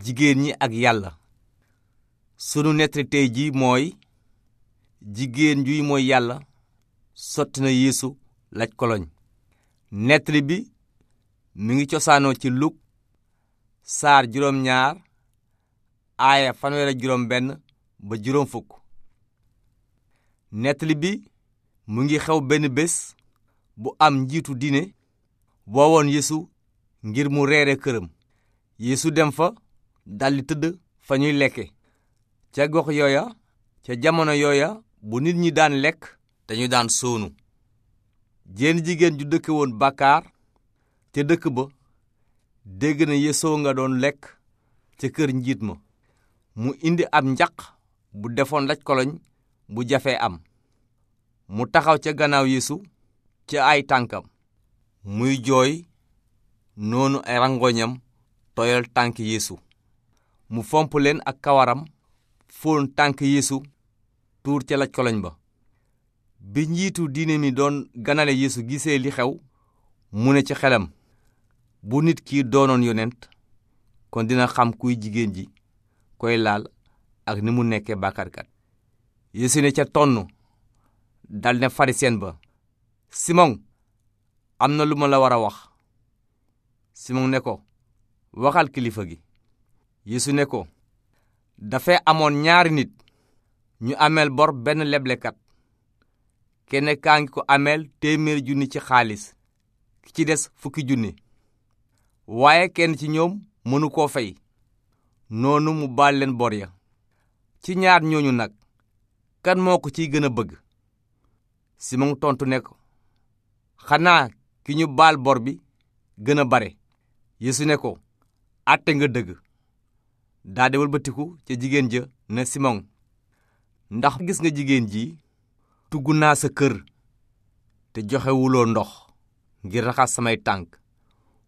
jigéen ñi ak yàlla sunu nettali tey ji mooy jigéen juy mooy yàlla sotti na yeesu laj koloñ nettali bi mu ngi cosaanoo ci luk saar juróom ñaar aaya fanweer juróom benn ba juróom fukk nettali bi mu ngi xew benn bés bu am njiitu diine woowoon yeesu ngir mu reere këram yeesu dem fa daldi tëdd fa ñuy lekke ca gox yooya ca jamono yooya bu nit ñi daan lekk dañu daan soonu jéen jigéen ju dëkke woon bàkkaar ca dëkk ba dégg na yesoo nga doon lekk ca kër njiit ma mu indi ab njaq bu defoon laj koloñ bu jafee am mu taxaw ca gannaaw yeesu ca ay tànkam muy jooy noonu ay rangoñam tooyal tànk yéesu mu fomp leen ak kawaram fóon tànk yeesu tuur ca laj koloñ ba bi njiitu diine mi doon ganale yeesu gisee li xew mu ne ci xelam bu nit ki doonoon yonent kon dina xam kuy jigéen ji koy laal ak ni mu nekkee bàkkaarkat yeesu ne ca tonn dal ne fariseen ba simon am na lu ma la war a wax simon ne ko waxal kilifa gi yeesu ne ko dafay amoon ñaari nit ñu ameel bor benn leblekat kenn kaa ngi ko ameel téeméer junni ci xaalis ki ci des fukki junni waaye kenn ci ñoom mënu koo fay noonu mu baal leen bor ya ci ñaar ñooñu nag kan moo ko ciy gën a bëgg Simon tontu ne ko xanaa ki ñu baal bor bi gën a bare Yeesu ne ko àtte nga dëgg daldi walbatiku ca jigéen ja ne Simon ndax gis nga jigéen ji tugg naa sa kër te joxewuloo ndox ngir raxas samay tànk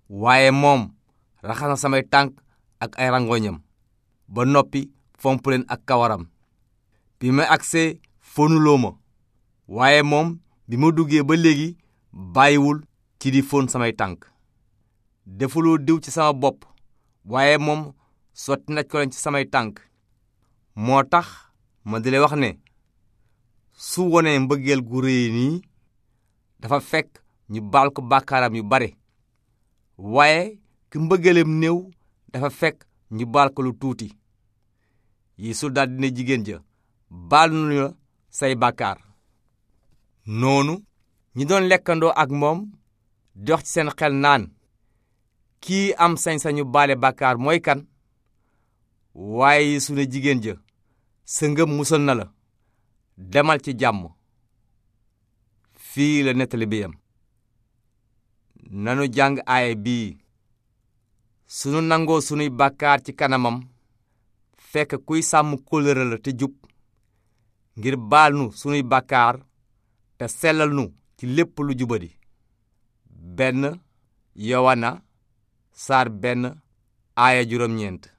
waaye moom raxas na samay tànk ak ay rangoñam ba noppi fomp leen ak kawaram bi ma agsee fóonuloo ma waaye moom bi ma duggee ba léegi bàyyiwul ci di fóon samay tànk defuloo diw ci sama bopp waaye moom sotti naj ko ci samay tànk moo tax ma di leen wax ne su wonee mbëggeel gu réy nii dafa fekk ñu baal ko bàkkaaram yu bare waaye ki mbëggeelem néew dafa fekk ñu baal ko lu tuuti Yeesu daldi ne jigéen ja baal nu la say bàkkaar noonu ñi doon lekkandoo ak moom dox ci seen xel naan kii am sañ-sañu baale bàkkaar mooy kan waaye su ne jigéen ja sa musal na la demal ci jàmm fii la nettali bi yam nanu jàng aaya bii sunu nangoo sunuy bàkkaar ci kanamam fekk kuy sàmm kóllëre la te jub ngir baal nu sunuy bàkkaar te sellal nu ci lépp lu jubadi benn yowana saar benn aaya juróom ñeent